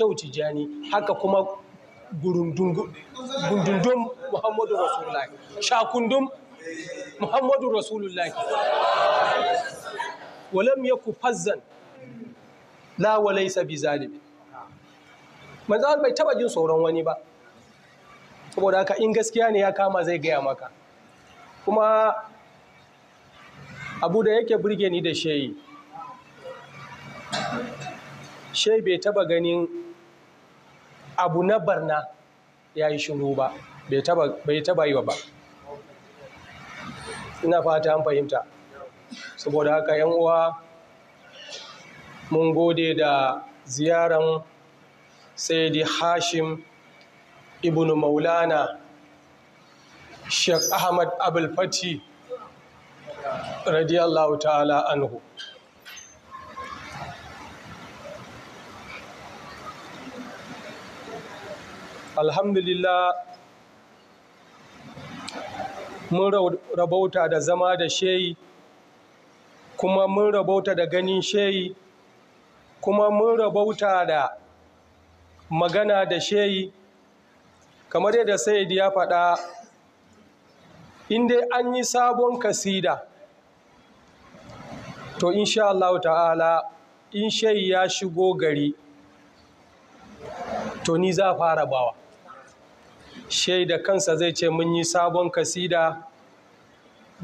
Shehu Tijjani haka kuma gundundun Muhammadu Rasulullahi shakundun Muhammadu Rasulullahi walam ku fazzan la sabi zalibi zalimi bai taɓa jin tsoron wani ba saboda haka in gaskiya ne ya kama zai gaya maka kuma abu da yake burge ni da shayi. Shayi bai taɓa ganin abu na barna ya yi shiru ba bai taba yi ba ina fata an fahimta saboda haka yan uwa mun gode da ziyaran sayyidi hashim ibn maulana sheikh ahmad abulfati radiyallahu ta'ala anhu alhamdulillah mun rabauta da zama da shehi kuma mun rabauta da ganin shehi kuma mun rabauta da magana da shehi kamar yadda sayid ya faɗa inda an yi sabon kasida to insha Allah ta'ala in shehi ya shigo gari to ni za fara bawa shaida kansa zai ce mun yi sabon kasida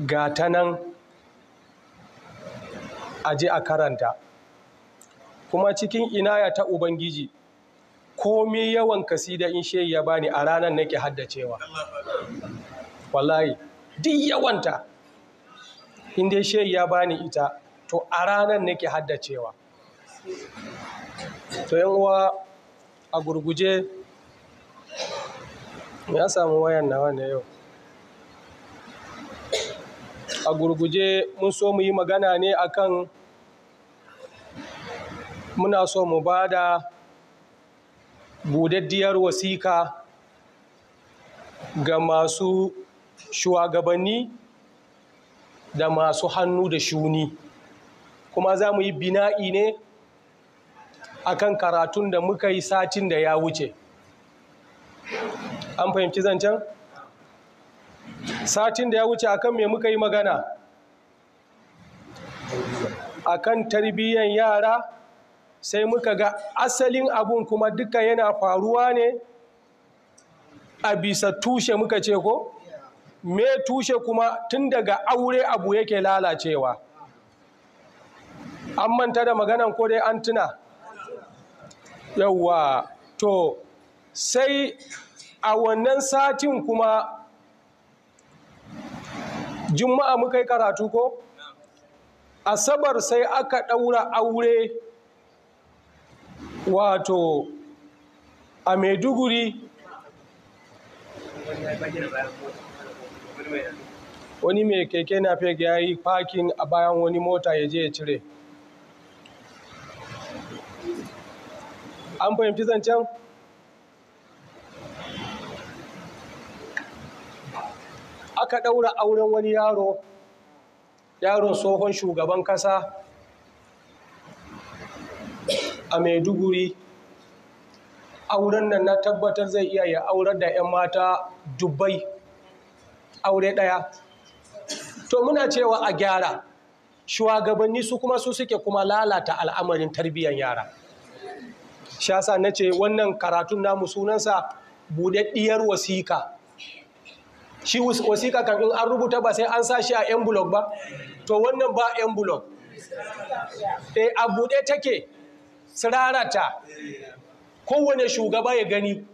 ga ta nan a ji a karanta kuma cikin inaya ta ubangiji komi yawan kasida in shayi ya bani a ranar nake haddacewa wallahi duk yawanta in dai ya bani ita to a ranar nake haddacewa to yan uwa a gurguje Ya samu wayan nawa ne yau. A gurguje mun so mu yi magana ne akan muna so mu ba da budaddiyar wasika ga masu shugabanni da masu hannu da shuni. Kuma za mu yi bina'i ne akan karatun da muka yi satin da ya wuce. an fahimci zancen satin da ya wuce akan me muka yi magana akan tarbiyyar yara sai muka ga asalin abun kuma duka yana faruwa ne a bisa tushe muka ce ko me tushe kuma tun daga aure abu yake lalacewa an manta da maganan ko dai an tuna yauwa to sai a wannan satin kuma juma'a muka yi karatu ko asabar sai aka ɗaura aure wato a maiduguri wani mai keke na fege ya yi fakin a bayan wani mota ya je ya cire an fahimci zancen? aka ɗaura auren wani yaro yaron tsohon shugaban ƙasa a maiduguri auren nan na tabbatar zai iya ya aurar da 'yan mata dubbai aure ɗaya to muna cewa a gyara shugabanni su kuma su suke kuma lalata al'amarin tarbiyyar yara shasa na ce wannan karatun namu sunansa buɗaɗɗiyar wasika shi wasiƙa kan in an rubuta ba sai an sa shi a envelope ba to wannan ba envelope Eh a buɗe take sirarata kowane shugaba ya gani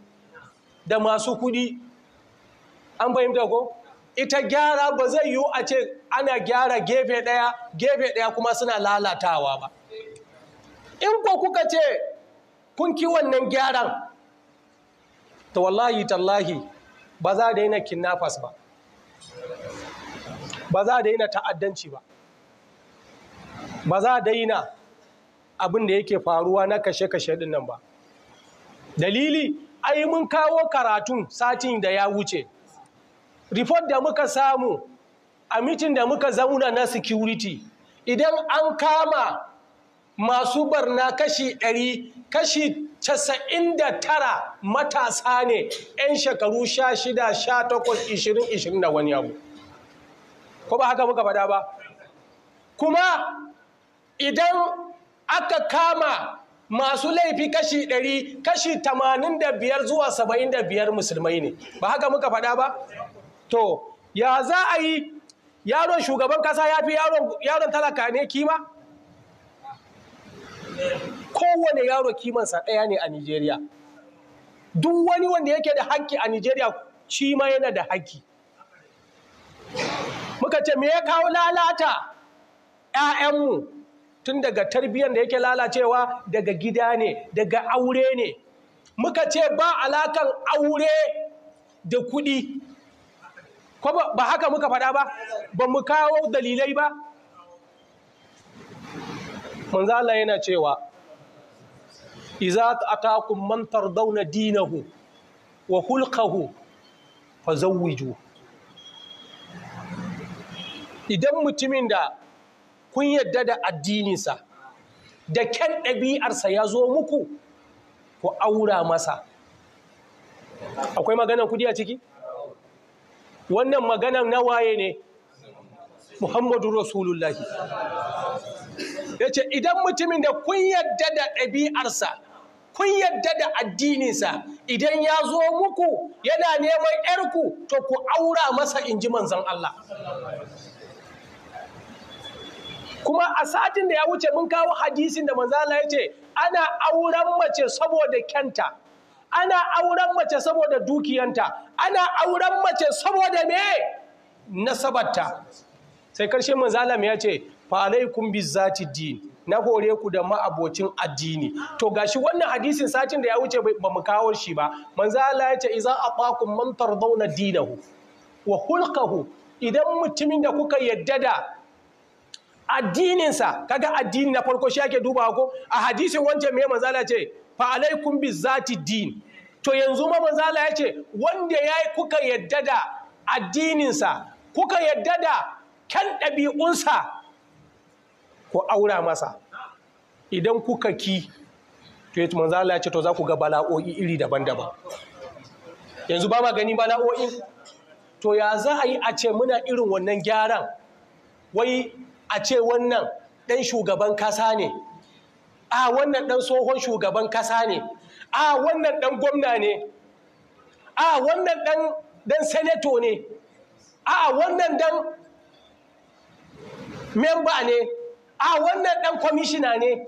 da masu kuɗi an fahimta ko ita gyara ba zai yiwu a ce ana gyara gefe ɗaya gefe ɗaya kuma suna lalatawa ba in ko kuka ce kun ki wannan gyaran ta wallahi tallahi ba za a daina kinnafas ba ba za a daina ta'addanci ba ba za a daina abin da yake faruwa na kashe-kashe din nan ba dalili ai mun kawo karatun satin da ya wuce report da muka samu a mitin da muka zauna na security idan an kama masu barna kashi 100 kashi casa'in da tara matasa ne 'yan shekaru sha shida sha takwas ishirin ishirin da wani abu ko ba haka muka faɗa ba kuma idan aka kama masu laifi kashi ɗari kashi tamanin da biyar zuwa saba'in da biyar musulmai ne ba haka muka faɗa ba to ya za a yi yaron shugaban kasa ya fi yaron talaka ne kima kowane yaro kimansa ɗaya ne a Nijeriya. Duk wani wanda yake da haƙƙi a Nijeriya shi ma yana da haƙƙi. Muka ce, me ya kawo lalata ‘ya'yanmu tun daga tarbiyyar da yake lalacewa daga gida ne, daga aure ne. Muka ce ba alakan aure da kuɗi. Ba haka muka faɗa ba, ba mu kawo dalilai ba. Manzala yana cewa iza atakum man tardawna dinahu wa hulqahu fazawwiju idan mutumin da kun yadda da addininsa da kyan ɗabi'arsa ya zo muku ku aura masa akwai maganan kudi a ciki wannan maganan na waye ne muhammadu rasulullahi ya ce idan mutumin da kun yadda da ɗabi'arsa kun yadda da addininsa idan ya zo muku yana neman ‘yarku to ku aura masa in ji manzan Allah. Kuma a satin da ya wuce mun kawo hadisin da manzan Allah ya ce, ana auren mace saboda kyanta, ana auren mace saboda dukiyanta, ana auren mace saboda me nasabarta. Sai ƙarshen manzan Allah ya ce, kun bi zati din. na hore ku da ma'abocin addini to gashi wannan hadisin satin da ya wuce ba mu kawo shi ba manzo Allah ya ce idza ataqum man tardawna dinahu wa khulquhu idan mutumin da kuka yadda da addininsa kaga addini na farko shi ake dubawa ko a hadisin wancan me manzo Allah ya ce fa alaikum bizati din to yanzu ma manzo Allah ya ce wanda yayi kuka yadda da addininsa kuka yadda da kan ɗabi'unsa ko aura masa idan kuka ki to yace manzo Allah ya ce to za ku ga bala'o'i iri daban-daban yanzu ba ma gani bala'o'i to ya za a yi a ce muna irin wannan gyaran wai a ce wannan dan shugaban kasa ne a wannan dan tsohon shugaban kasa ne a wannan dan gwamna ne a wannan dan dan senator ne a wannan dan memba ne a wannan ɗan kwamishina ne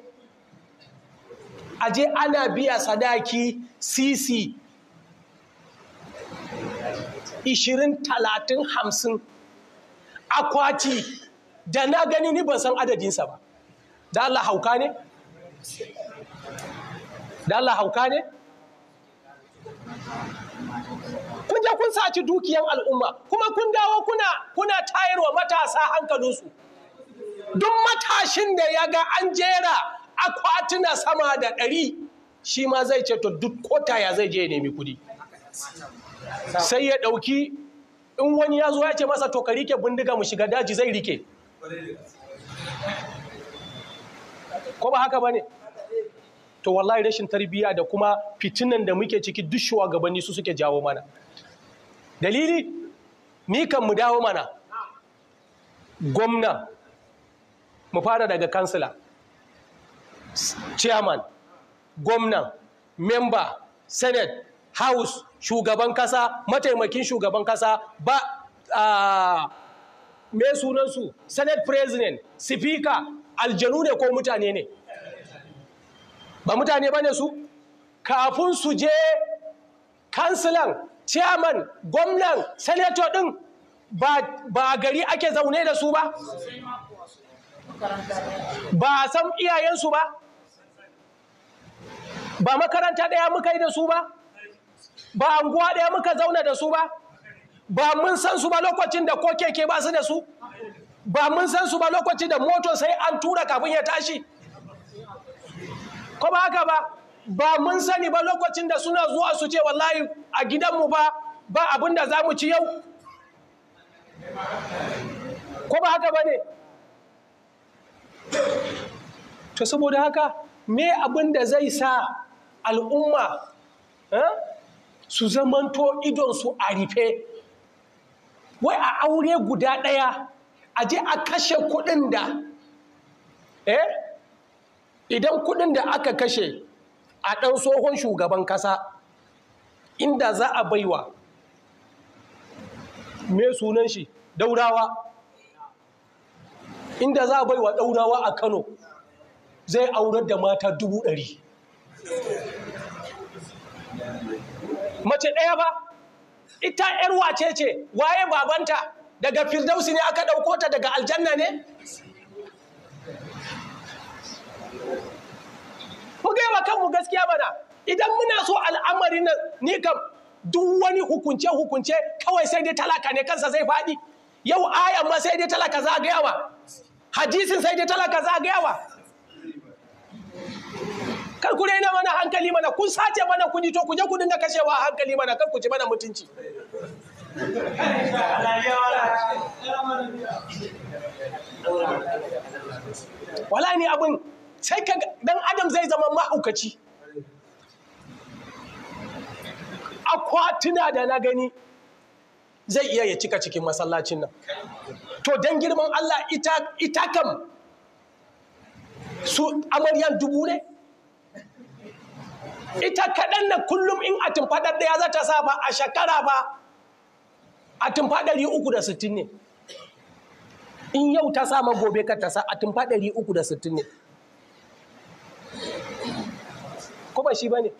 a je ana biya sadaki cc ishirin talatin hamsin akwati da na gani ni ban san adadinsa ba da Allah hauka ne? da Allah hauka ne? kun je kun saci dukiyan al'umma kuma kun dawo kuna kuna tayarwa matasa hankalinsu duk matashin da ya ga an jera akwatuna sama da ɗari shi ma zai ce to duk kota ya zai je nemi kudi sai ya ɗauki in wani ya zo ya ce masa to ka rike bindiga mu shiga daji zai rike ko ba haka ba ne to wallahi rashin tarbiyya da kuma fitinan da muke ciki duk shugabanni su suke jawo mana dalili ni kan mu dawo mana gwamna mu fara daga kansila chairman gwamnan memba senate house shugaban kasa mataimakin shugaban kasa ba a me sunansu senate president speaker aljanu ne ko mutane ne ba mutane ba ne su kafin su je kansilan chairman gwamnan senator din ba gari ake zaune da su ba ba a san iyayensu ba ba makaranta ɗaya muka yi da su ba ba anguwa ɗaya muka zauna da su ba ba mun san su ba lokacin da ko keke ba su da su ba mun san su ba lokacin da moto sai an tura kafin ya tashi ko ba haka ba ba mun sani ba lokacin da suna zuwa su ce wallahi a gidanmu ba ba abin da za mu ci yau ko ba haka ba ne to saboda haka me abin da zai sa al'umma eh, su zamanto idonsu a rife wai a aure guda ɗaya a je a kashe kuɗin da eh idan kuɗin da aka kashe a ɗan tsohon shugaban ƙasa inda za a baiwa me sunan shi daurawa inda za a bai wa ɗaurawa a kano zai aurar da mata dubu ɗari mace ɗaya ba ita ‘yar wace ce waye babanta daga firdausi ne aka ɗauko ta daga aljanna ne Ku gaiwa kanmu gaskiya mana idan muna so al'amarin nan ni kam duk wani hukunce-hukunce kawai sai dai talaka ne kansa zai faɗi yau ayan ma sai dai talaka za a gaya hadisin sai da talaka zagayawa kar ku raina mana hankali mana kun sace mana kudi to ku je ku dinga kashewa hankali mana kar ku ci mana mutunci wala ne abin sai ka dan adam zai zama mahaukaci akwatuna da na gani zai iya ya cika cikin masallacin nan to don girman Allah ita ita kam su amaryan dubu ne ita kaɗan na kullum in a tumfaɗar ɗaya za ta sa ba a shekara ba a tumfaɗar yi uku da sittin ne in yau ta ma gobe ka ta sa a tumfaɗar yi uku da sittin ne kuma shi ba ne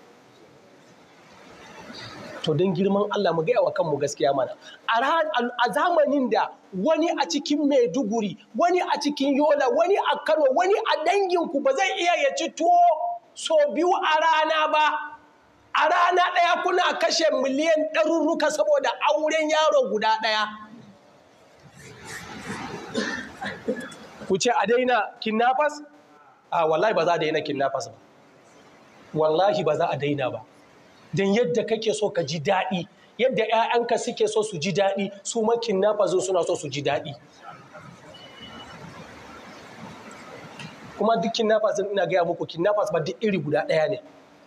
to don girman Allah mu gaya wa kanmu gaskiya mana a zamanin da wani a cikin Maiduguri wani a cikin Yola wani a Kano wani a danginku ba zai iya ya ci tuwo so biyu a rana ba a rana ɗaya kuna kashe miliyan ɗarurruka saboda auren yaro guda ɗaya ku ce a daina kidnappers a wallahi ba za a daina kidnappers ba wallahi ba za a daina ba don yadda kake so ka ji daɗi yadda 'ya'yanka suke so su ji daɗi su makin nafazin suna so su ji daɗi kuma duk kinnafas din ina gaya muku kinnafas ba duk iri guda ɗaya ne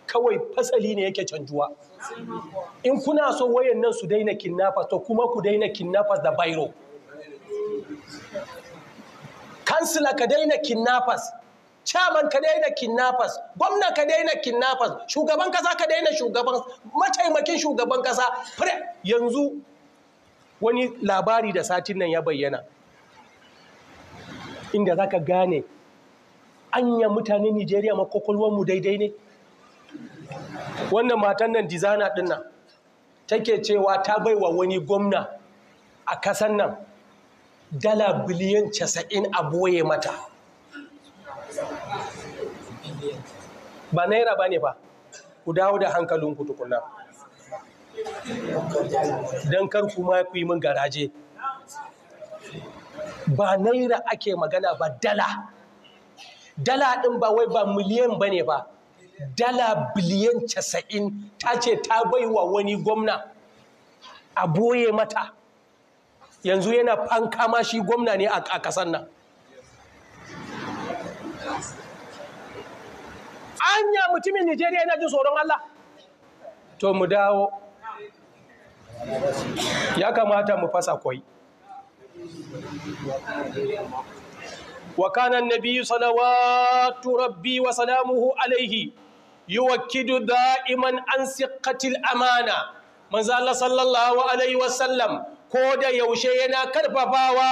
kawai fasali ne yake canjuwa in kuna so wayan nan su daina kinnafas, to kuma ku daina kinnafas da bairo kansila ka daina kinnafas. chairman ka daina kidnappers gwamna ka daina kidnappers shugaban kasa ka daina shugaban mataimakin shugaban kasa yanzu wani labari da satin nan ya bayyana inda zaka gane anya mutanen Nigeria ma mu daidai ne wannan matan nan dizana din nan take cewa ta baiwa wani gwamna a kasan nan dala biliyan 90 a boye mata ba naira ba ne ba ku dawo da hankalinku tukuna don kar kuma ma ku yi min garaje ba naira ake magana ba dala dala din ba wai ba miliyan ba ba dala biliyan casa'in ta ce ta baiwa wani gwamna a boye mata yanzu yana fanka ma shi gwamna ne a kasan nan anya mutumin Nijeriya yana jin tsoron Allah to mu dawo ya kamata mu fasa kwai wa kana annabiyyu salawatu rabbi wa salamuhu alaihi yuwakkidu da'iman an siqqatil amana manzo Allah sallallahu alaihi wasallam ko da yaushe yana karfafawa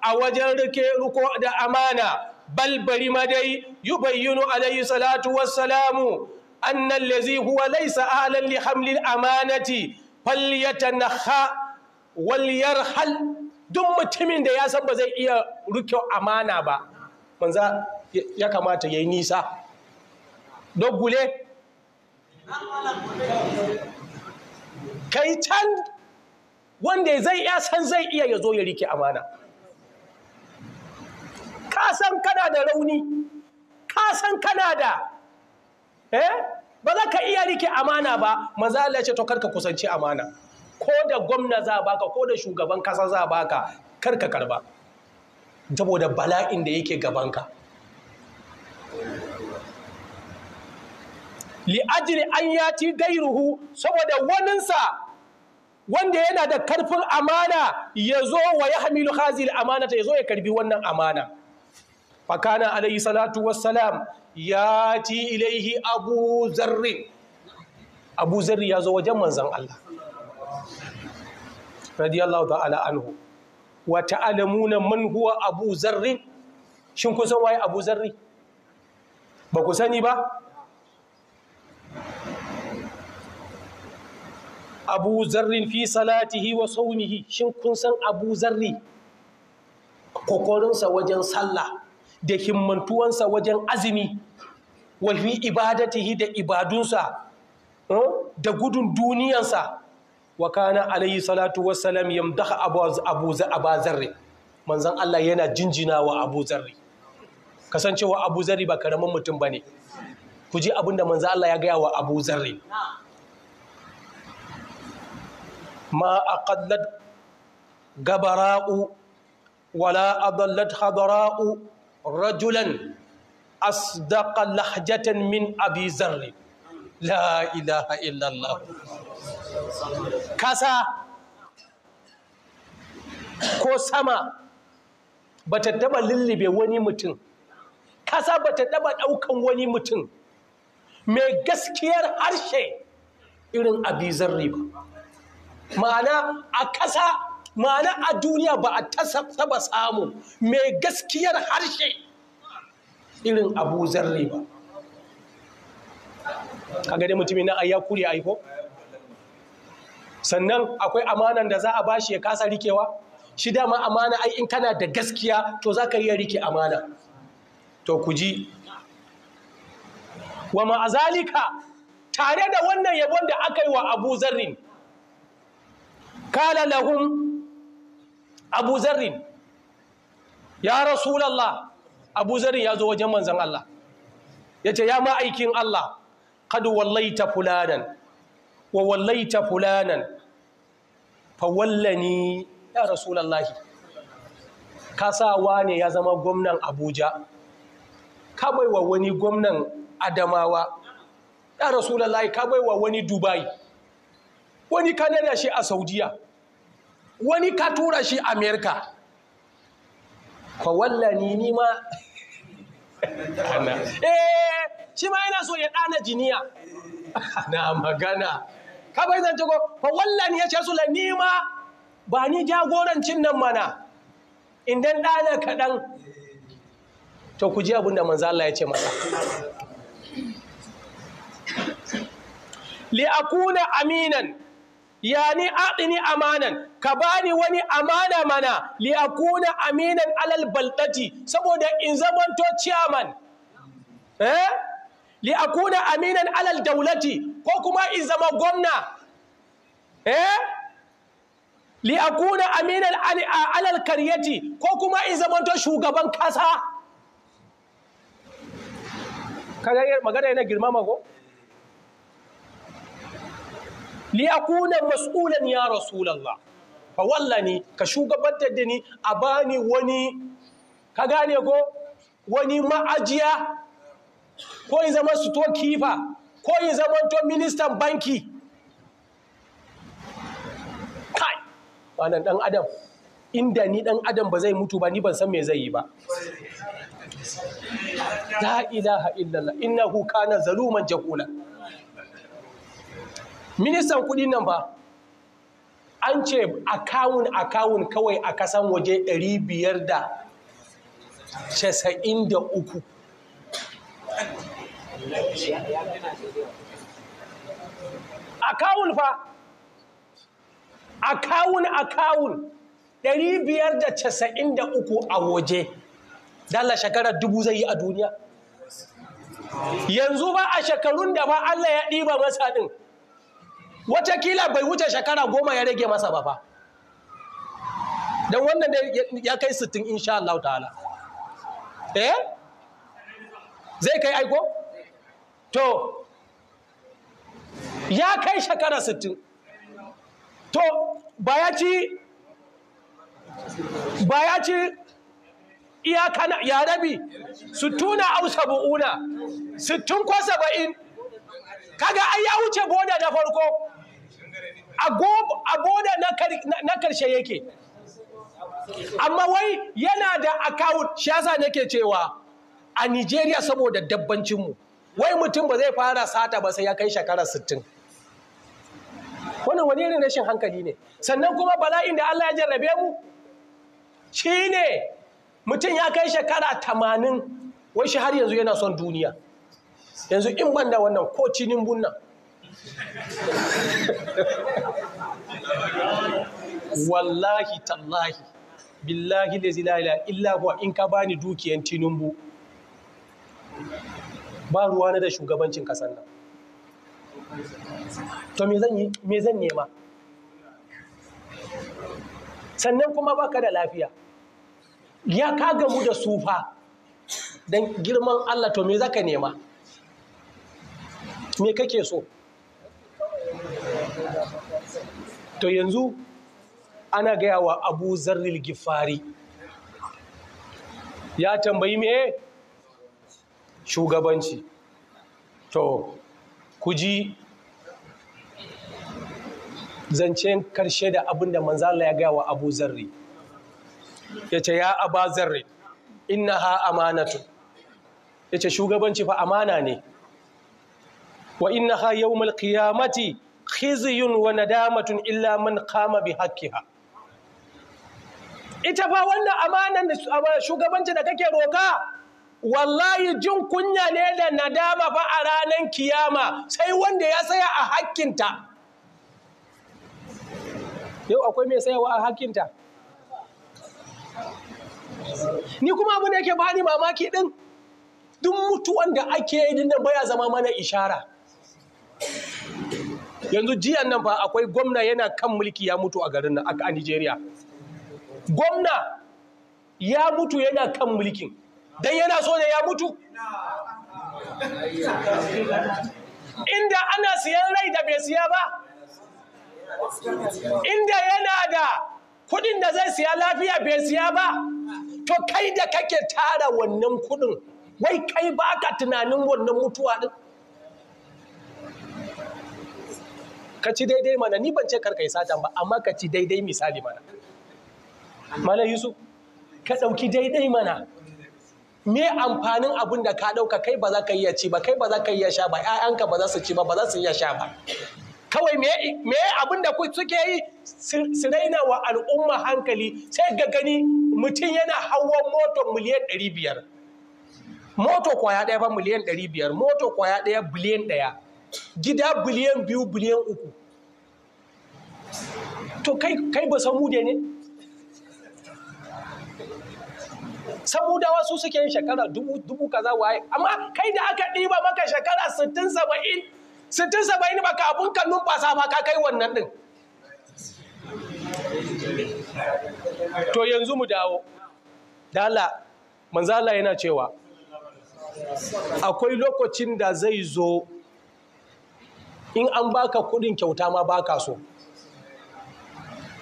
a wajen rike ruko da amana bal bari ma dai yubayyinu alayhi salatu wassalamu Annan allazi huwa laysa ahlan li hamlin amanati falyatanha wal yarhal duk mutumin da ya san ba zai iya ruke amana ba manza ya kamata yayi nisa dogule kai can wanda zai iya san zai iya ya zo ya rike amana ka san kana da rauni ka san kana da eh ba za ka iya rike amana ba maza Allah ce to karka kusanci amana ko da gwamna za baka ko da shugaban kasa za baka karka karba saboda bala'in da yake gabanka li'ajiri an yati gairuhu saboda waninsa wanda yana da karfin amana ya zo wa ya hamilu hazil amana ta ya zo ya karbi wannan amana fakana alayhi salatu wassalam ya ci ilaihi abu zarri abu zarri ya zo wajen manzan Allah radiyallahu ta'ala anhu wa ta'alamuna man huwa abu shin kun san waye abu ba ku sani ba abu zarri fi salatihi wa saumihi shin kun san abu zarri kokorinsa wajen sallah da himmantuwansa wajen azumi wa ibadatihi da ibadunsa eh, da gudun duniyansa wa kana alayhi salatu wassalam yamdaha abu abu zarri manzan Allah yana jinjina wa abu zarri kasancewa abu zarri ba karamin mutum bane ku ji abin da manzan Allah ya gaya wa abu zarri ma aqallat gabara'u wala adallat hadara'u rajulan asdaqa lahjatan min abi zarri la ilaha illallah kasa ko sama ba ta taba lullube wani mutum kasa ba ta taba daukan wani mutum mai gaskiyar harshe irin abi zarri ba ma'ana a kasa ma'ana a duniya ba a taba samu mai gaskiyar harshe irin abu zarre ba kaga dai mutumin nan ya kuri aiko sannan akwai amanan da za a bashi ya kasa rikewa shi dama amana ai in kana da gaskiya to za ka iya rike amana to ku ji wa ma'azalika tare da wannan yabon da aka yi wa abu zarrin kala lahum abu zarrin ya rasulallah abu zarrin ya zo wajen manzan Allah ya ce ya ma'aikin Allah kadu wallaita fulanan wa wallaita fulanan fa wallani ya rasulallahi kasawa ne ya zama gwamnan abuja ka baiwa wani gwamnan adamawa ya rasulallahi ka baiwa wani dubai wani kanada shi a saudiya wani ka tura shi amerika fa wallani ni ma eh shi ma yana so ya ɗana jiniya na magana ka bai zance ko fa wallani ya ce su la ni ma ba ni jagorancin nan mana idan ɗana kaɗan to ku ji abin da manzo Allah ya ce masa li akuna aminan yani a'tini amanan ka bani wani amana mana li akuna aminan alal baldati saboda in zamanto ciyaman, eh li akuna aminan alal daulati ko kuma in zama gwamna eh li akuna aminan alal karyati ko kuma in zamanto shugaban kasa kaga magana yana girmama ko li akuna mas'ulan ya rasulullah fa wallani ka shugabantar da ni a bani wani ka gane ko wani ma'ajiya ko in zama suto kifa ko in zama to ministan banki kai wannan dan adam inda ni dan adam ba zai mutu ba ni ban san me zai yi ba la ilaha illallah innahu kana zaluman jahula ministan kudin nan ba an ce akawun akawun kawai a kasan waje 593 akawun fa akawun akawun 593 a waje dala shekarar dubu zai yi a duniya yanzu ba a shekarun da ba Allah ya ɗiba masa ɗin watakila bai wuce shekara goma ya rage masa ba fa don wannan da ya kai sittin insha Allah ta'ala eh zai kai aiko to ya kai shekara sittin to ba ya ci ba ya ci iyaka ya rabi sittuna au sabu'una sittin ko saba'in kaga ai ya wuce boda da farko a na karshe yake amma wai yana da account shi nake cewa a Nigeria saboda dabbancinmu wai mutum ba zai fara sata ba sai ya kai shekara sittin. wannan wani irin rashin hankali ne sannan kuma bala'in da Allah ya jarrabe mu shi ne mutum ya kai shekara tamanin wai shi har yanzu yana son duniya yanzu in banda wannan ko cinin bunnan wallahi tallahi billahi da la in ka bani dukiyan tinubu, ba ruwa na da shugabancin kasan nan to me zan nema sannan kuma baka da lafiya ya ka gamu da sufa don girman allah to me zaka nema me kake so to yanzu ana gaya wa abu zarril gifari ya tambayi me shugabanci to ku ji zancen karshe da abin da manzala ya gaya wa abu zarri ya ce ya aba zarri inna ha amanatu ya ce shugabanci fa amana ne wa inna ha yau mati? khizyun wa nadamatun illa man qama bi haqqiha ita fa wannan amanan shugabanci da kake roka wallahi jin kunya ne da nadama fa a ranar kiyama sai wanda ya saya a hakkinta yau akwai mai sayawa a hakkinta ni kuma abin da yake bani mamaki din duk mutuwan da ake yi din baya zama mana ishara yanzu jiyan nan fa akwai gwamna yana kan mulki ya mutu a garin nan a Nigeria gwamna ya mutu yana kan mulkin dan yana so ne ya mutu inda ana siyan rai da bai siya ba inda yana da kudin da zai siya lafiya bai siya ba to kai da kake tara wannan kudin wai kai ba ka tunanin wannan mutuwa din ka ci daidai mana ni ban ce kar kai satan ba amma ka ci daidai misali mana malam yusuf ka ɗauki daidai mana me amfanin abin da ka ɗauka kai ba za ka iya ci ba kai ba za ka iya sha ba ƴaƴanka ba za su ci ba ba za su iya sha ba kawai me abin da suke yi su raina wa al'umma hankali sai ga gani mutum yana hawan moto miliyan ɗari biyar moto kwaya ɗaya ba miliyan ɗari biyar moto kwaya ɗaya biliyan ɗaya gida biliyan biyu biliyan uku to kai kai ba samude ne samudawa su suke yin shekara dubu dubu kaza waye amma kai da aka ɗiba maka shekara sittin saba'in sittin saba'in baka abun ka numfasa ba ka kai wannan ɗin to yanzu mu dawo dala manzala yana cewa akwai lokacin da zai zo in an baka kuɗin kyauta ma baka so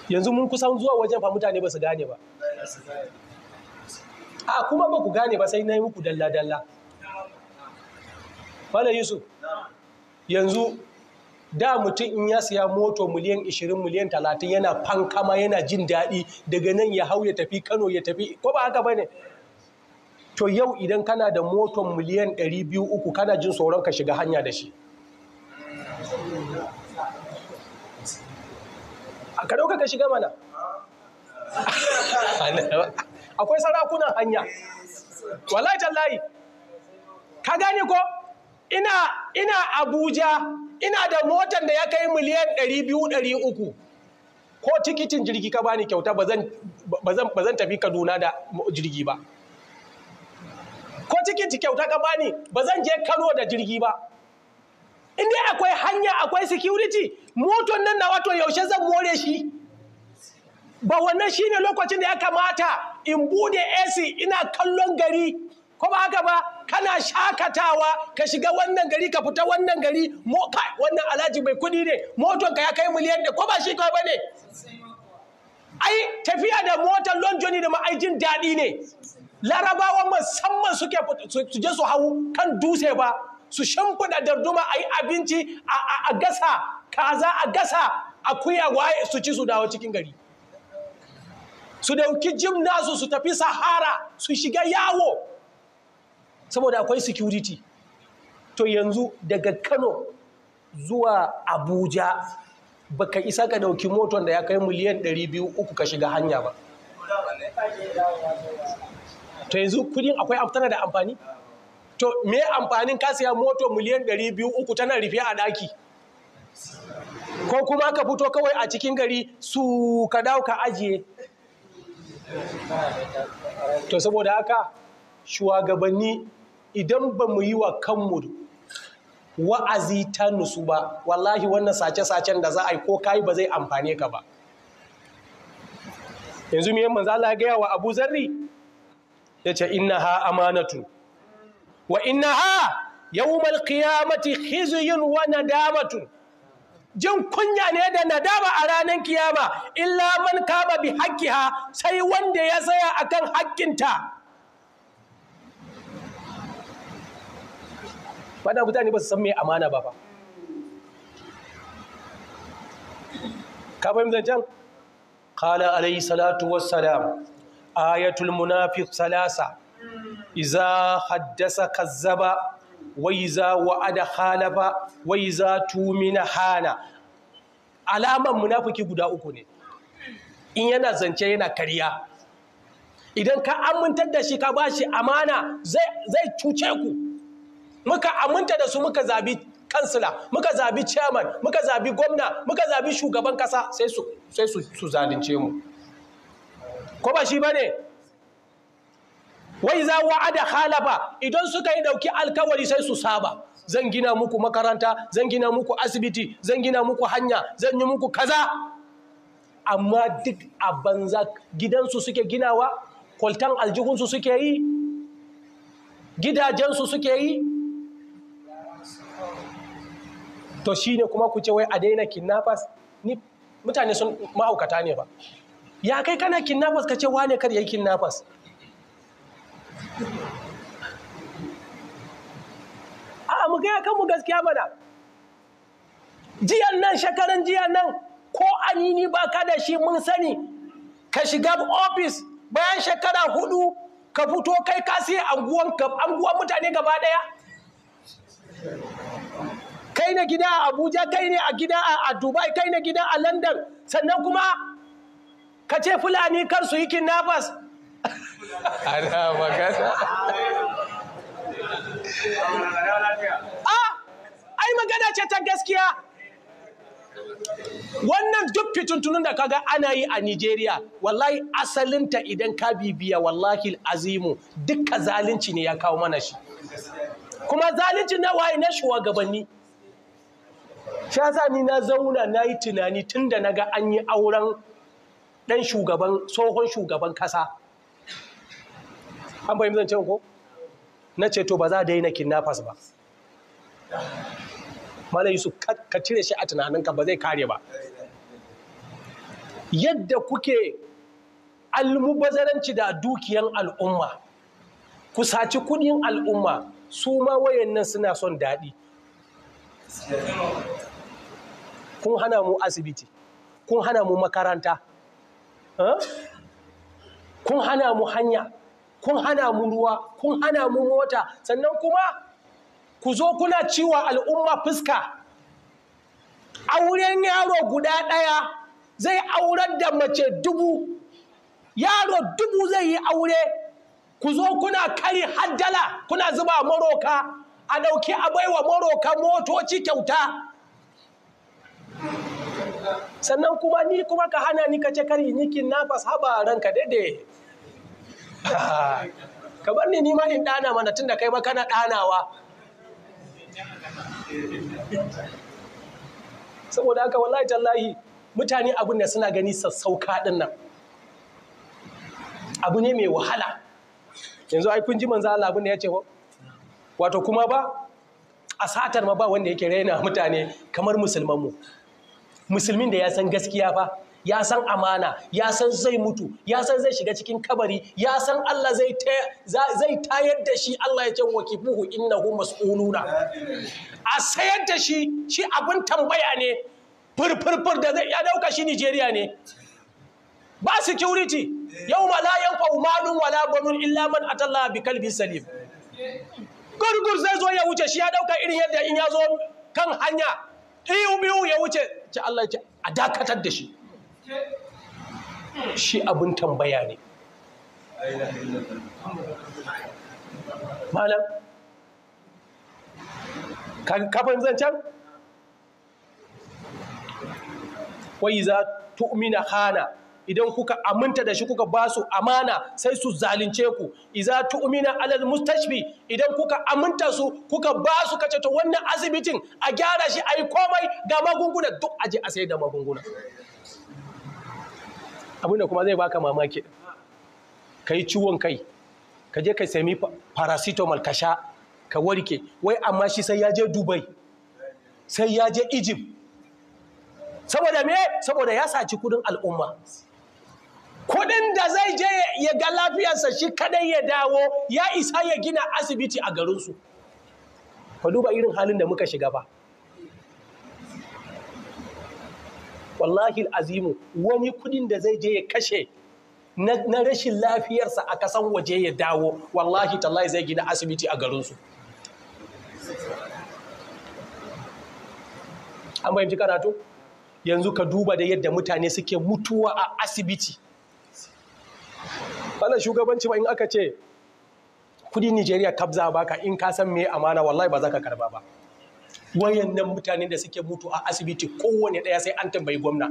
yanzu mun kusan zuwa wajen fa mutane ba su gane ba a kuma ba ku gane ba sai na yi muku dalla-dalla fala Yusuf, yanzu da mutum in ya siya moto miliyan 20 miliyan 30 yana fankama yana jin daɗi daga nan ya hau ya tafi Kano ya tafi ko ba haka bane to yau idan kana da moton miliyan 200 kana jin tsoron ka shiga hanya da shi ka ɗauka ka shiga mana akwai sarakunan hanya wallahi tallahi ka gani ko ina ina abuja ina da motar da ya kai miliyan 200-300 ko tikitin jirgi ka bani kyauta ba zan tafi kaduna da jirgi ba ko tikiti kyauta ka bani ba zan je kano da jirgi ba in dai akwai hanya akwai security moton nan na wato yaushe zan more shi ba wannan shine lokacin da ya kamata in bude AC ina kallon gari ko ba haka ba kana shakatawa ka shiga wannan gari ka fita wannan gari mo ka wannan alhaji mai kudi ne moton ka ya kai miliyan da ko ba shi kai bane ai tafiya da motar long journey da ma'aijin daɗi ne larabawa musamman suke su je su hau kan dutse ba su shimfiɗa darduma a yi abinci a gasa kaza a gasa akuya waye su ci su dawo cikin gari su ɗauki jim nasu su tafi sahara su shiga yawo saboda akwai security to yanzu daga kano zuwa abuja baka isa ka ɗauki moton da ya kai miliyan ɗari biyu uku ka shiga hanya ba to yanzu kudin akwai amfana da amfani to me amfanin ka siya moto miliyan ɗari biyu uku tana rufe a ɗaki ko kuma ka fito kawai a cikin gari su ka dawo ka ajiye to saboda haka shugabanni idan ba mu yi wa kanmu wa'azi ta nusu ba wallahi wannan sace-sacen da za a yi ko kayi ba zai amfane ka ba yanzu miyan manzala gaya wa abu zarri ya ce inna ha amanatu wa ha yawmal qiyamati khizyun wa nadamatun jin kunya ne da nadama a ranar kiyama illa man kama bi haqqiha sai wanda ya tsaya akan haƙƙinta fada mutane ba su san me amana ba fa ka fahimta can qala alayhi salatu wassalam ayatul munafiq salasa iza haddasa kazzaba wa iza wa'ada halafa wa iza tumina hana alaman munafiki guda uku ne in yana zance yana kariya idan ka amintar da shi ka bashi amana zai cuce ku muka aminta da su muka zabi kansila muka zabi chairman muka zabi gwamna muka zabi shugaban kasa sai su zalunce mu ko ba shi bane wai za wa ada halaba idan suka yi dauki alkawari sai su saba zan gina muku makaranta zan gina muku asibiti zan gina muku hanya zan yi muku kaza amma duk a banza gidansu suke ginawa kwaltan aljihunsu suke yi gidajensu suke yi to shi ne kuma ku ce wai a daina kidnappers ni mutane sun ma'aukata ne ba ya kai kana kidnappers ka ce wane kar yi kidnappers a mu gaya kanmu gaskiya mana jiyan nan shekaran jiyan nan ko an yi ba ka da shi mun sani ka shiga ofis bayan shekara hudu ka fito kai ka sai anguwan mutane gaba daya kai na gida a abuja kai ne a gida a dubai kai na gida a london sannan kuma ka ce fulani kar su yi kidnappers ana magana ah! ai magana ce ta gaskiya wannan duk fituntunun da kaga ana yi a Nigeria wallahi asalinta idan ka bibiya wallahi azimu dukka zalunci ne ya kawo mana shi kuma zalunci na waye na shugabanni Sha ni na zauna na yi tunani tunda na ga an yi auren ɗan shugaban tsohon shugaban kasa an fahimci zancen ko na ce to ba za a daina kidnappers ba malam yusuf ka cire shi a tunaninka ba zai kare ba yadda kuke almubazaranci da dukiyan al'umma ku saci kudin al'umma su ma nan suna son daɗi kun hana mu asibiti kun hana mu makaranta eh? kun hana mu hanya kun hana mu ruwa kun hana mu mota sannan kuma ku zo kuna ciwa al'umma fuska auren yaro guda ɗaya zai aurar da mace dubu yaro dubu zai yi aure ku zo kuna kari haddala kuna zuba maroka a ɗauki a baiwa maroka motoci kyauta sannan kuma ni kuma ka hana ni kace kari nikin na fas haba ranka daidai ka bar ni ni ma in ɗana mana da kai ma kana danawa. saboda haka wallahi tallahi mutane abin da suna gani sassauka din nan abu ne mai wahala yanzu ai kun ji manzo Allah abin da ya ce wato kuma ba a satar ma ba wanda yake raina mutane kamar musulmanmu musulmin da ya san gaskiya fa ya san amana ya san zai mutu ya san zai shiga cikin kabari ya san Allah zai tayar da shi Allah ya ce wakifuhu innahu mas'uluna a sayar da shi shi abin tambaya ne furfurfur da zai ya dauka shi Nigeria ne ba security yau ma la yanfa malun wala banun illa man atalla bi kalbi salim gurgur zai zo ya wuce shi ya dauka irin yadda in ya zo kan hanya iyu biyu ya wuce ce Allah ya a dakatar da shi shi abin tambaya ne malam kafin zancen wai za tu'mina hana idan kuka aminta da shi kuka ba su amana sai su zalunce ku iza tu'mina alal mustashfi idan kuka aminta su kuka ba su kace to wannan asibitin a gyara shi ayi komai ga magunguna duk aje a sai da magunguna da kuma zai baka mamaki ka yi ciwon kai ka je ka sami paracetamol ka sha ka warke wai amma shi sai ya je dubai sai ya je egypt saboda me saboda ya saci kudin al'umma kudin da zai je ya ga lafiyarsa shi kadai ya dawo ya isa ya gina asibiti a garinsu ka duba irin halin da muka shiga ba wallahi azimu wani kudin da zai je ya kashe na rashin lafiyarsa a kasan waje ya dawo wallahi tallahi zai gina asibiti a garinsu an fahimci karatu yanzu ka duba da yadda mutane suke mutuwa a asibiti wannan shugabanci ba in aka ce kudin nigeria kabza baka in ka san me amana wallahi ba za ka karba ba wayannan mutane da suke mutu a asibiti kowane ɗaya sai an tambayi gwamna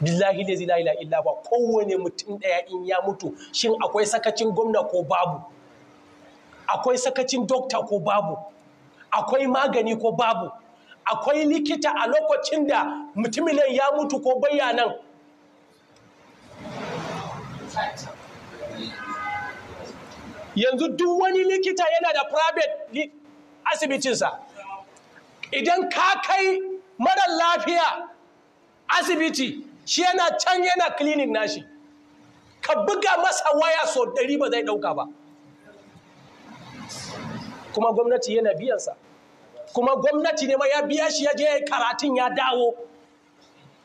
billahi da zila ila illa ba kowane mutum ɗaya in ya mutu shin akwai sakacin gwamna ko babu akwai sakacin dokta ko babu akwai magani ko babu akwai likita a lokacin da mutumin ya mutu ko bayanan yanzu duk wani likita yana da private asibitinsa idan ka kai mara lafiya asibiti shi yana can yana clinic nashi ka buga masa waya so ɗari ba zai ɗauka ba kuma gwamnati yana biyansa kuma gwamnati ne ma ya biya shi ya je karatun ya dawo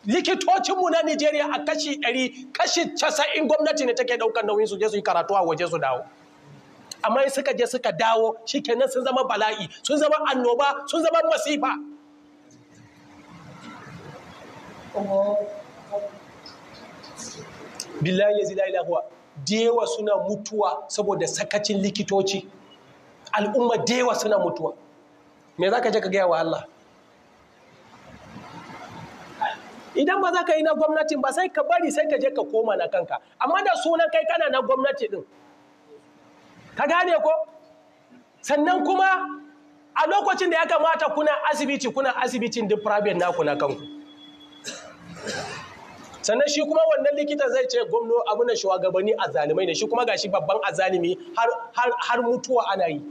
likitocinmu na Nijeriya a kashi ɗari kashi casa'in gwamnati ne take ɗaukar nauyin su je su yi karatu a waje su dawo amma in suka je suka dawo shikenan sun zama bala'i sun zama annoba sun zama masifa billahi yazi la ilaha dewa suna mutuwa saboda sakacin likitoci al'umma dewa suna mutuwa me za ka je ka gaya wa Allah idan ba za ka yi na gwamnatin ba sai ka bari sai ka je ka koma na kanka amma da sunan kai kana na gwamnati din ka gane ko sannan kuma a lokacin da ya kamata kuna asibiti kuna asibitin duk private naku na kanku sannan shi kuma wannan likita zai ce gwamno abuna shugabanni zalimai ne shi kuma gashi babban azalimi har mutuwa ana yi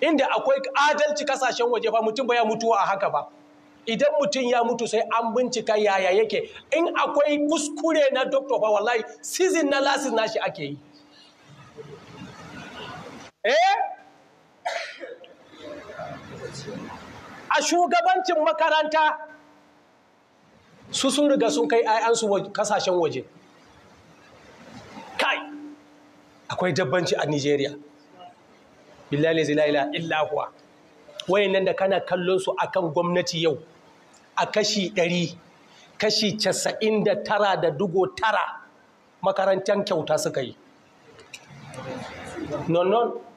inda akwai adalci kasashen waje fa mutum baya mutuwa a haka ba idan mutum ya mutu sai an bincika yaya yake in akwai kuskure na doctor fa wallahi season na lasis nashi ake yi eh a shugabancin makaranta su sun riga sun kai 'ya'yansu kasashen waje kai akwai dabbanci a nigeria billahi zilaila illahuwa wayan nan da kana kallon su akan gwamnati yau a kashi ɗari kashi casa'in da tara da dugo tara makarantar kyauta suka yi non non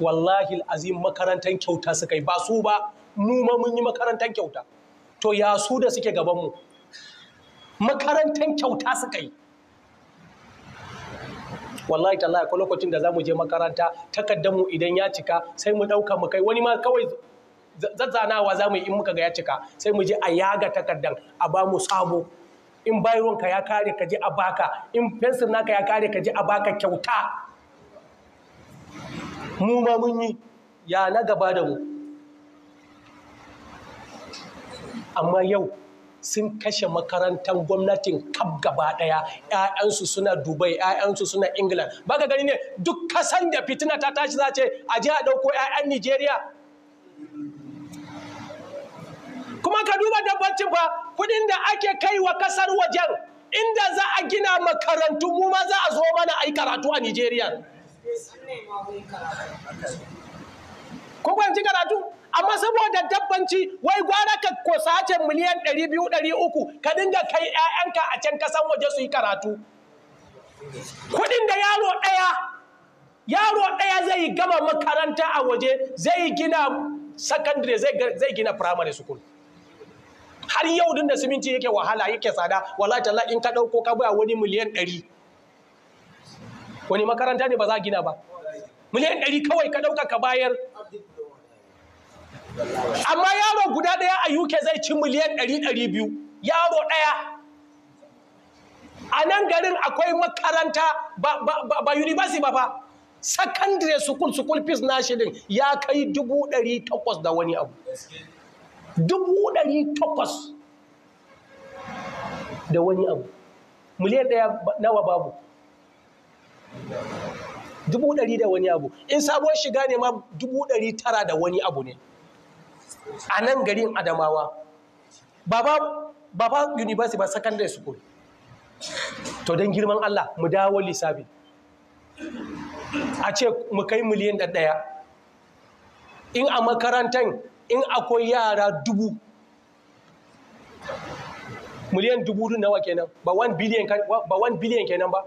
wallahi azim makarantar kyauta suka yi ba su ba mu ma mun yi makarantar kyauta to ya su da suke gabanmu makarantar kyauta suka yi wallahi tallahi akwai lokacin da za mu je makaranta mu idan ya cika sai mu ɗauka mu kai wani ma kawai zazzanawa za mu yi in muka ga ya cika sai mu je a yaga takardan a ba mu sabo in bayronka ya kare ka je a baka in fensir naka ya kare ka je a baka kyauta mu ma mun yi ya na gaba da mu amma yau sun kashe makarantar gwamnatin kaf gaba daya ‘ya'yansu suna dubai ‘ya'yansu suna england ba ka gani ne duk kasan da fitina ta tashi za ce a ji a ɗauko ‘ya'yan nigeria kuma ka duba dabbacin ba kuɗin da ake kai wa kasar wajen inda za a gina makarantu mu ma za a zo mana a yi karatu a nigeria ko kwanci karatu amma saboda dabbanci wai gwara ka ko sace miliyan ɗari uku, ka dinga kai yayanka a can kasan waje su yi karatu Kuɗin da yaro ɗaya yaro ɗaya zai gama makaranta a waje zai gina secondary zai gina primary school har yau din da siminti yake wahala yake tsada wala talla in ka ɗauko ka baya wani miliyan ɗari wani makaranta ne ba za a gina ba miliyan ɗari kawai ka ɗauka ka bayar amma yaro guda ɗaya a uk zai ci miliyan ɗari ɗari biyu yaro ɗaya a nan garin akwai makaranta ba, ba, ba, university ba fa secondary school school fees na shirin ya kai dubu ɗari takwas da wani abu dubu ɗari takwas da wani abu miliyan ɗaya nawa babu dubu ɗari da wani abu in sabuwar shiga ne ma dubu ɗari tara da wani abu ne a nan garin adamawa baba baba university ba secondary school to don girman Allah mu dawo lissafi a ce mu kai miliyan da ɗaya in a makarantar in akwai yara dubu miliyan dubu nawa kenan ba 1 biliyan kenan ba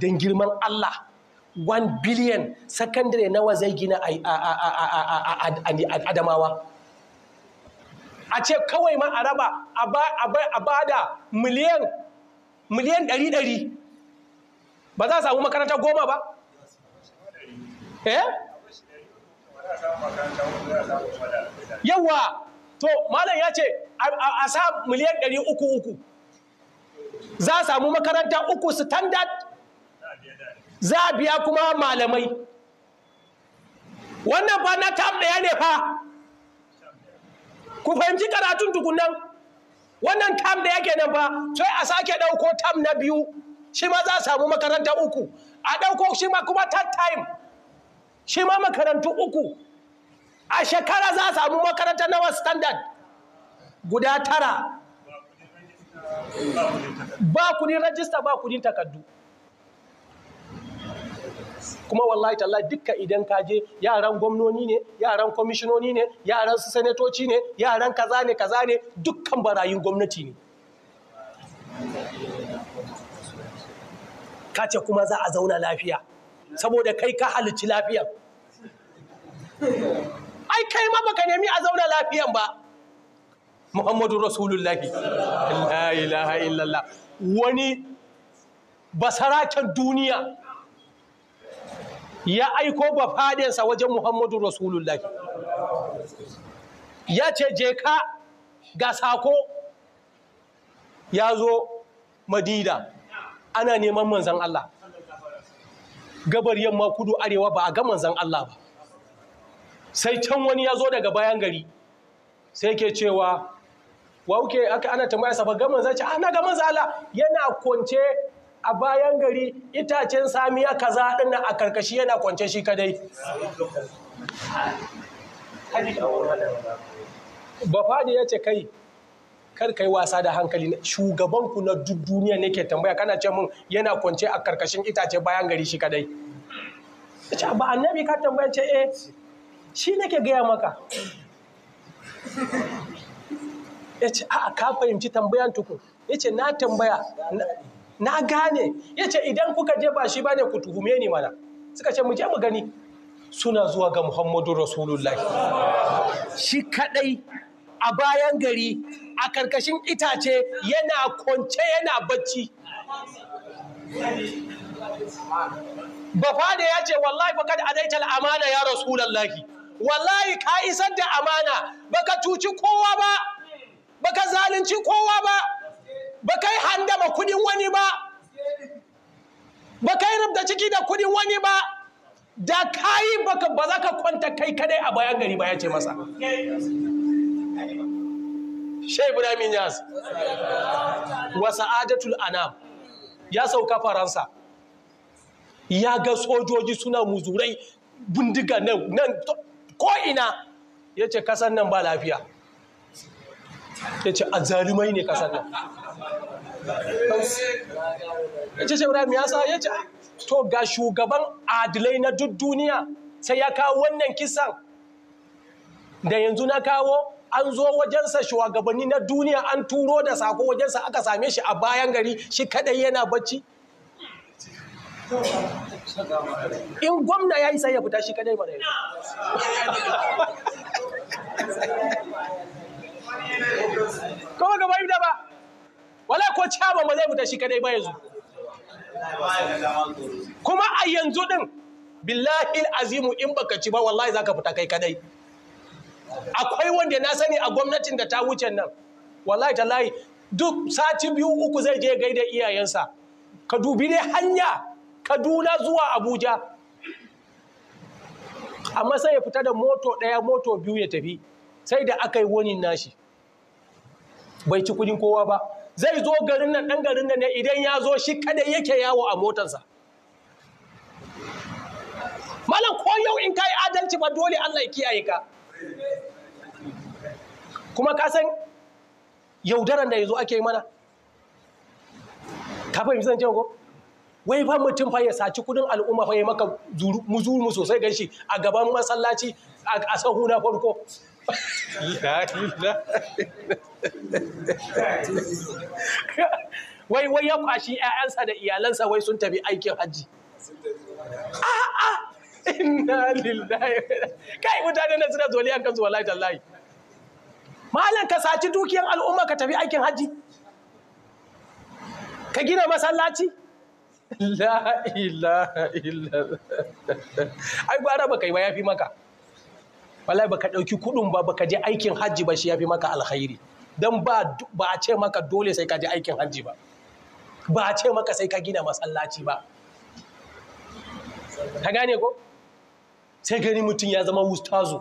don girman Allah 1 billion sakandare nawa zai gina a adamawa a ce kawai ma a raba a ba miliyan miliyan ɗari ɗari ba za a samu makaranta goma ba eh yawa to malam ya ce a sa miliyan ɗari uku uku za a samu makaranta uku standard za a biya kuma malamai wannan fa na tam ɗaya ne fa ku fahimci karatun tukunan wannan tam da yake nan fa sai a sake ɗauko tam na biyu shi ma za a samu makaranta uku a ɗauko shi ma kuma tat time shi ma makarantu uku a shekara za a samu makaranta nawa standard guda tara ba ku ni rajista ba ku ni takardu kuma wallahi talla dukka idan ka je yaran gwamnoni ne yaran kwamishinoni ne yaran su sanatoci ne yaran kaza ne kaza ne dukkan barayin gwamnati ne ka ce kuma za a zauna lafiya saboda kai ka halicci lafiya. ai kai ma baka nemi a zauna lafiyan ba muhammadu rasulullahi la ilaha illallah wani basaraken duniya ya aiko ba fadinsa wajen muhammadu rasulullahi ya ce je ka ga sako ya zo madina ana neman manzan Allah gabar yamma kudu arewa ba a ga manzan Allah ba sai can wani ya zo daga bayan gari sai ke cewa wa aka ana tambaya sa ba ga manzan ce ana ah, ga manzan Allah yana kwance a bayan gari itacen samiya kaza ɗin a karkashi yana kwance shi kadai bafadi ya ce kai kar kai wasa da hankali shugabanku na duk duniya ne ke tambaya kana ce mun yana kwance a karkashin itace bayan gari shi kadai ba annabi ka tambaya ce eh shi nake gaya maka ya ce a ka fahimci tambayan tukun ya ce na tambaya na gane ya ce idan kuka je ba shi ba ne ku tuhume ni mana suka ce mu je mu gani suna zuwa ga muhammadu rasulullahi shi kadai a bayan gari a karkashin itace yana kwance yana bacci fada ya ce wallahi kada kad adaita amana ya rasulullahi wallahi ka isar da amana baka cuci kowa ba baka zalunci kowa ba ba kai ba kudin wani ba ba kai rubda ciki da kudin wani ba da kayi baka ba za ka kwanta kai kadai a bayan gari ba ya ce masa Shai Ibrahim Yas wa sa'adatul anam ya sauka Faransa ya ga sojoji suna muzurai bindiga nan ko'ina ya ce kasan nan ba lafiya ya ce azalumai ne kasan nan ya ce ibrahim ya sa ya ce to ga shugaban adilai na duk duniya sai ya kawo wannan kisan da yanzu na kawo an zo wajensa shugabanni na duniya an turo da sako wajensa aka same shi a bayan gari shi kadai yana bacci in gwamna ya yi sai ya fita shi kadai mana kawai yi da ba wala ko caba ba zai fita shi kadai ba yanzu kuma a yanzu din billahi azimu in baka ci ba wallahi zaka fita kai kadai akwai wanda na sani a gwamnatin da ta wuce nan wallahi tallahi duk sati biyu uku zai je gaida iyayensa ka dubi dai hanya kaduna zuwa abuja amma sai ya fita da moto ɗaya moto biyu ya tafi sai da aka yi wani nashi bai ci kudin kowa ba zai zo garin nan ɗan garin nan idan ya zo shi kadai yake yawo a motarsa malam ko yau in kai adalci ba dole Allah ya kiyaye ka kuma ka san yaudaran da yazo ake mana ka fahimci zan ko wai fa mutum fa ya saci kudin al'umma fa ya maka muzuru sosai ganshi a gaban masallaci a sahuna farko wai wai ya kwashi ƴaƴansa da iyalansa wai sun tafi aikin hajji a'a inna lillahi kai mutane na suna zoliyan kansu wallahi tallahi malam ka saci dukiyar al'umma ka tafi aikin hajji ka gina masallaci la ilaha illallah ai gwara ba yi ba yafi maka wallahi baka ɗauki kuɗin ba baka je aikin hajji ba shi ya fi maka alkhairi don ba a ce maka dole sai ka je aikin hajji ba ba a ce maka sai ka gina masallaci ba ka gane ko sai gani mutum ya zama ustazu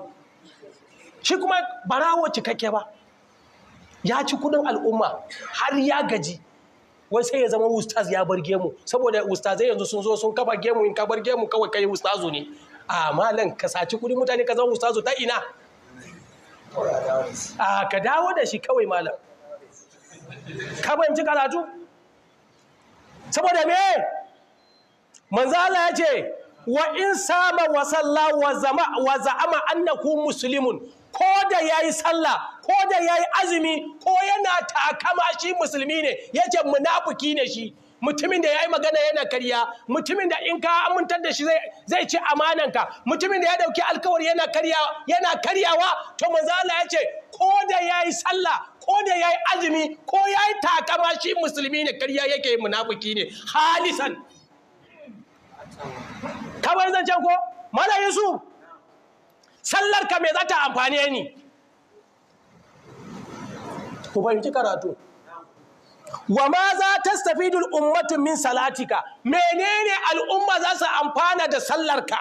shi kuma barawo cikakke ba ya ci kudin al'umma har ya gaji wai sai ya zama ustaz ya bar gemu saboda ustazai yanzu sun zo sun kafa gemu in ka bar gemu kawai kai ustazu ne amalan ka saci kudin mutane ka zama ustazu ta ina a ka dawo da shi kawai malam ka fahimci karatu saboda me manzo Allah ya ce wa in sama wa sallah wa zama wa za'ama annahu muslimun ko da yayi sallah ko da yayi azumi ko yana takama shi musulmi ne yace munafiki ne shi mutumin da ya yi magana yana karya mutumin da in ka amintar da shi zai ci amananka mutumin da ya dauki alkawari yana karyawa yana karyawa to manzo Allah ya ce ko da yayi sallah ko da yayi azumi ko yayi takama shi musulmi ne karya yake munafiki ne halisan kamar zancen ko mala yusu sallar ka me za ta amfane ni ku fahimci karatu wa ma za ta stafidul ummatu min salatika menene al'umma za su amfana da sallarka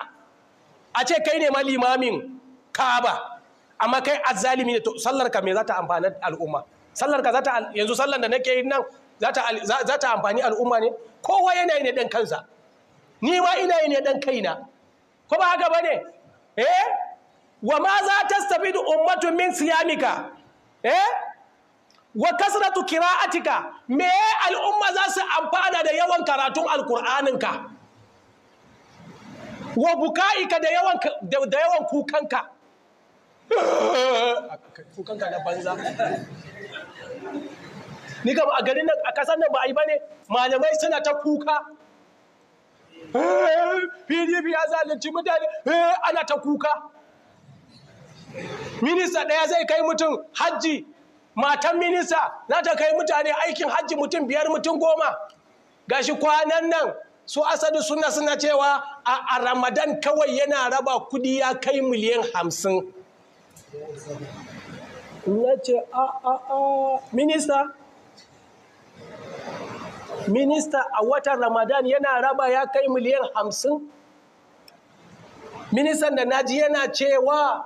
a ce kai ne malimamin kaba amma kai azzalimi ne to sallarka me za ta amfana al'umma sallarka za ta yanzu sallar da nake yi nan za ta amfani al'umma ne kowa yana yi ne dan kansa ni ma ina yi ne dan kaina ko ba haka bane eh wa ma za ta stafidul ummatu min siyamika eh wa kasratu qira'atika me al'umma za su amfana da yawan karatun alqur'aninka wa buka'ika da yawan da yawan kukanka kukanka na banza ni kam a garin nan a kasar nan ba a yi bane malamai suna ta kuka pdp ya zalunci mutane ana ta kuka minista ɗaya zai kai mutum hajji matan minista za ta kai mutane aikin hajji mutum biyar mutum goma gashi kwanan nan su asadu suna suna cewa a ramadan kawai yana raba kudi ya kai miliyan hamsin na ce a a a minista minista a watan ramadan yana raba ya kai miliyan hamsin ministan da naji yana cewa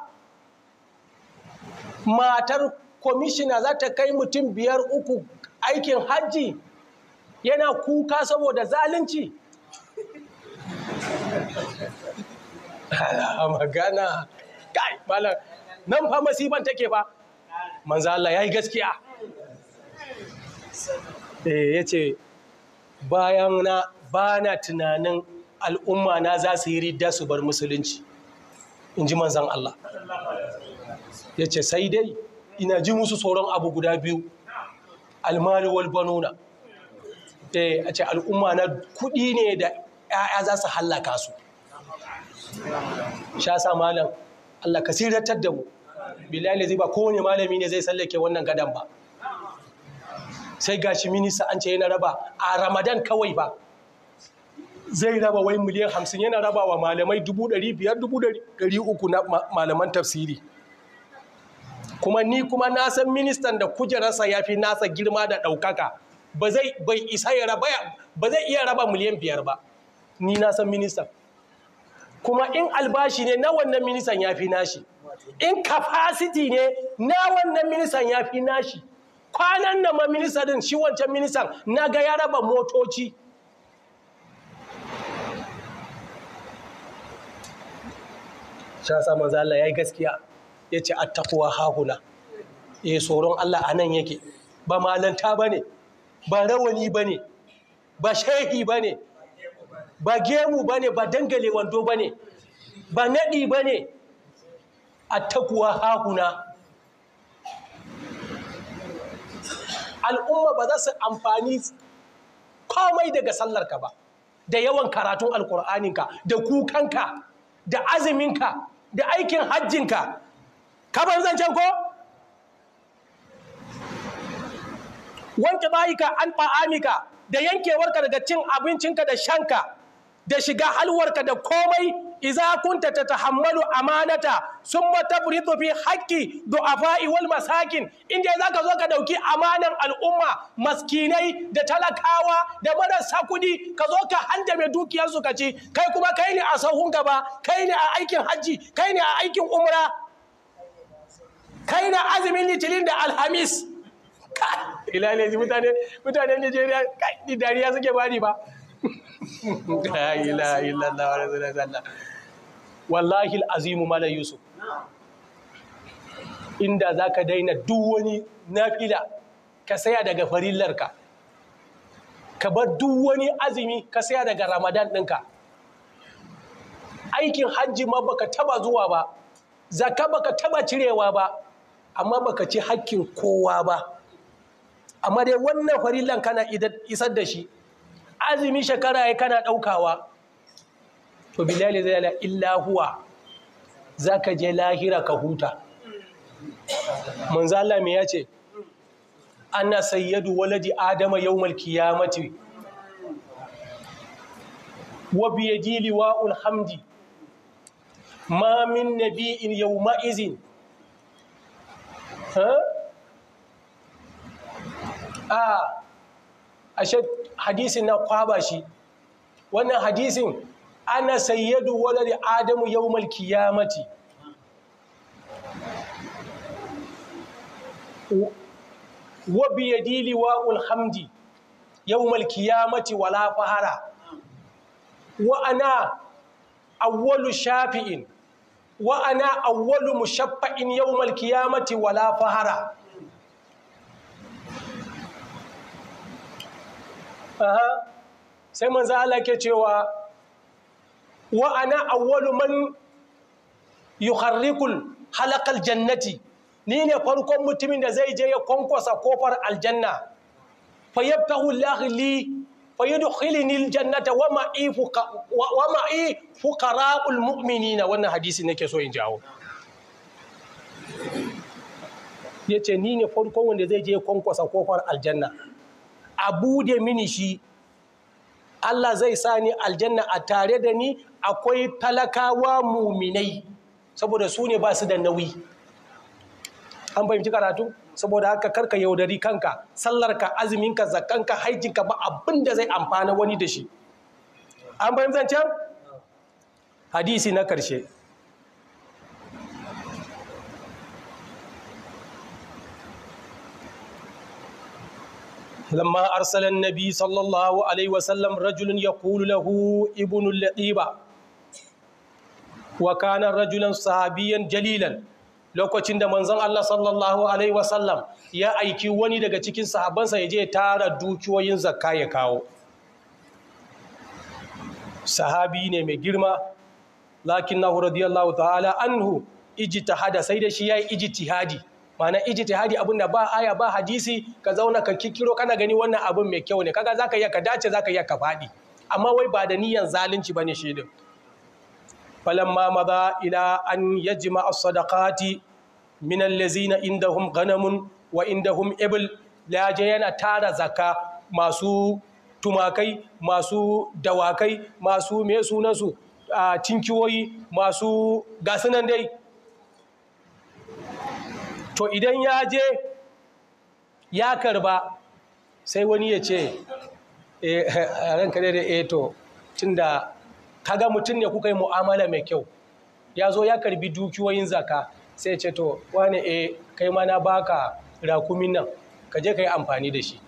matar Komishina za ta kai mutum biyar uku aikin hajji yana kuka saboda zalunci magana kai malam nan fa masifan take ba manzo Allah yayi gaskiya eh yace bayan na bana tunanin al'umma na za su yi ridda su bar musulunci in ji manzon Allah yace sai dai ina ji musu sauran abu guda biyu almari wal banuna eh a ce al'umma na kuɗi ne da 'ya'ya za su hallaka su sha sa malam Allah ka siratar da mu billahi zai ba kowane malami ne zai sallake wannan gadan ba sai gashi minista an ce yana raba a ramadan kawai ba zai raba wai miliyan hamsin yana raba wa malamai dubu ɗari biyar dubu ɗari uku na malaman tafsiri kuma ni kuma na san ministan da kujerarsa ya fi nasa girma da ɗaukaka ba zai iya raba miliyan biyar ba ni na san ministan kuma in albashi ne na wannan ministan ya fi nashi in kafasiti ne na wannan ministan ya fi nashi kwanan da ma ministan din shi wancan ministan na ga ya raba motoci sha sa manzo Allah yayi gaskiya ya ce attaquwa hahuna eh tsoron Allah a nan yake ba malanta ba ne ba rawani ba ne ba shehi ba ne ba gemu ba ne ba dangale wando ba ne ba naɗi ba ne attaquwa hahuna al'umma ba za su amfani komai daga sallarka ba da yawan karatun alkur'aninka da kukanka da azuminka da aikin hajjinka zan zancen ko wanke bayika an fa’amika da yankewarka daga cin abincinka da shanka da shiga halwarka da komai iza kunta tahammalu amanata sun tabridu fi haqqi du'afa'i wal masakin inda ka zo ka ɗauki amanan al'umma maskinai da talakawa da marasa kudi ka zo ka handame dukiyarsu ka ci kai kuma kai ne a sauhun gaba kai ne a aikin hajji kai ne a aikin umra kai na azumin litinin da alhamis ila ne mutane mutane nigeria kai dariya suke bani ba wallahi alazim mala yusuf inda zaka daina duk wani nafila ka saya daga farillarka ka bar duk wani azumi ka saya daga ramadan dinka, aikin hajji ma baka taba zuwa ba zaka baka taba cirewa ba amma baka ci hakkin kowa ba amma dai wannan farillan kana isar da shi azumi shekara ya kana ɗaukawa to bilali zai ala illa huwa za ka je lahira ka huta manzala me ya ce ana sayyadu waladi adama yawmal kiyamati wa biyadi liwa'ul hamdi ma min nabi'in yawma izin a ah, ashe hadisin na kwaba shi wannan hadisin ana sayyadu walad adamu yawmal qiyamati wa biyadi liwa'ul hamdi yawmal mati, wala fahara wa ana awwalu shafi'in wa ana awwalu mushaffa'in yawmal qiyamati wala fahara aha sai manzo Allah ke cewa wa ana awwalu man yukharrikul halaqal jannati ni ne farkon mutumin da zai je ya kwankwasa kofar aljanna fa yabtahu fa yudkhilni aljannata wa ma'i fuqa wa ma'i fuqara'ul mu'minina wannan hadisi nake so in jawo yace ni ne farko wanda zai je kwankwasa kofar aljanna a bude mini shi Allah zai sa ni aljanna a tare da ni akwai talakawa muminai saboda su ne ba su da nauyi an fahimci karatu saboda haka karka yaudari kanka sallarka azuminka zakanka haijinka ba abin da zai amfana wani da shi an fahimci zancen hadisi na karshe لما أرسل النبي صلى الله عليه وسلم رجل يقول له ابن اللئيبة وكان رجلا صحابيا جليلا lokacin da manzon Allah sallallahu alaihi wasallam ya aiki wani daga cikin sahabansa ya je tara dukiyoyin zakka ya kawo sahabi ne mai girma lakinnahu radiyallahu ta'ala anhu ijtihada sai da shi yayi ijtihadi mana ijtihadi abinda ba aya ba hadisi ka zauna ka kikiro kana gani wannan abin mai kyau ne kaga zaka iya ka dace zaka iya ka faɗi amma wai ba da niyan zalunci bane shi din فلما مضى إلى أن يجمع الصدقات من الذين عندهم غنم وعندهم إبل لا جينا tara زكاة masu tumakai masu dawakai masu me sunansu a cinkiwoyi masu gasunan dai to idan ya je ya karba sai wani ya ce ranka da eto tunda kaga mutum ne kuka yi mu'amala mai kyau ya zo ya karbi dukiyoyin zaka sai ce to wane e kai ma na baka rakumin nan ka je ka yi amfani da shi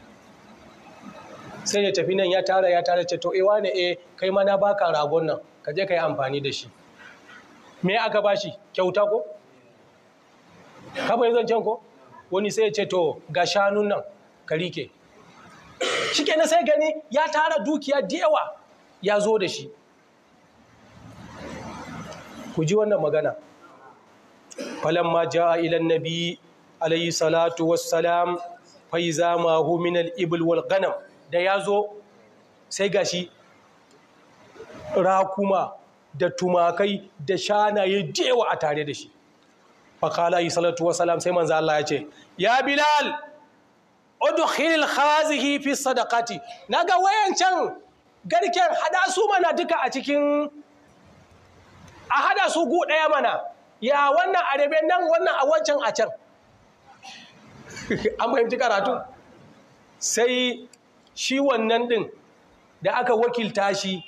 sai ya tafi nan ya tara ya tara ce to e wane e kai ma na baka ragon nan ka je ka yi amfani da shi me aka bashi kyauta ko kaba zan ko wani sai ya ce to ga shanun nan ka rike shi kenan sai gani ya tara dukiya da yawa ya zo da shi ku ji wannan magana ma ja ila nabi alayhi salatu wassalam fa iza hu min al-ibl wal ghanam da yazo sai gashi rakuma da tumakai da shanaye dewa a tare da shi fa qala salatu wassalam sai manzo Allah ya ce ya bilal udkhil khazihi fi sadaqati naga wayancan garken hada su mana duka a cikin a hada su gu ɗaya mana ya wannan arabe nan wannan a wancan a can an fahimci karatu sai shi wannan ɗin da aka wakilta shi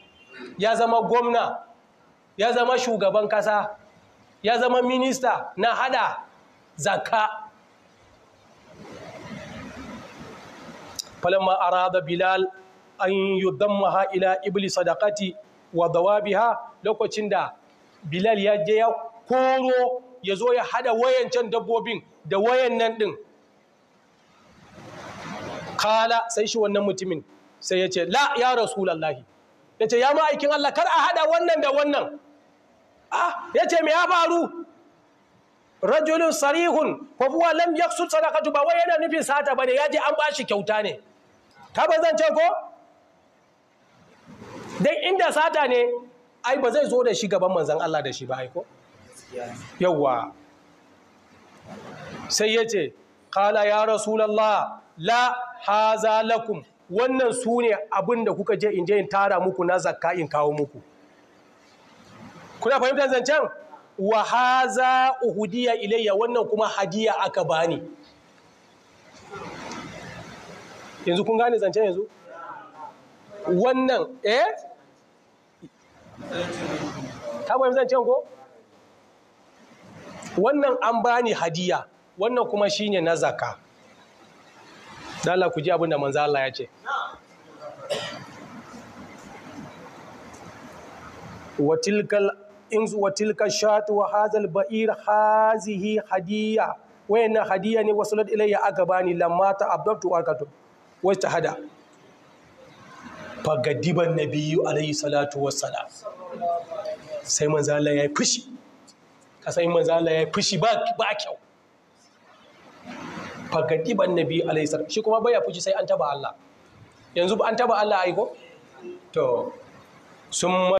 ya zama gwamna ya zama shugaban ƙasa, ya zama minista na hada zakka falamma arada bilal an yudammaha ila ibli Sadakati, wa dawabiha lokacin da bilal ya je ya koro ya zo ya hada wayancan dabbobin da wayan nan din kala sai shi wannan mutumin sai ya ce la ya rasulallahi ya ce ya ma'aikin Allah kar a hada wannan da wannan ah ya ce me ya faru rajulun sarihun ko kuwa lam yaksu sadaqatu ba wai yana nufin sata bane ya je an bashi kyauta ne ka ba zan ce ko dan inda sata ne ai ba zai zo da shi gaban manzan Allah da shi ba aiko yawwa sai ya ce kala ya rasulallah la haza lakum wannan su ne abin da kuka je in je in tara muku na zakka in kawo muku kuna fahimtar zancen wa haza uhudiya ilayya wannan kuma hadiya aka bani yanzu kun gane zancen yanzu wannan eh ka zan ko wannan an bani hadiya wannan kuma shine na zaka dala ku ji abin manzo Allah ya ce watilkal shatu wa hazal ba'ir hazihi hadiya wayannan hadiya ne wasu ilayya aka bani lamma ta abdabtu wa akatu hada fagadiban biyu alaihi salatu wasala sai manzala ya yi fushi sai manzala ya yi fushi ba kyau fagadiban biyu alaihi salatu shi kuma baya fushi sai an taba Allah yanzu an taba Allah aiko to sun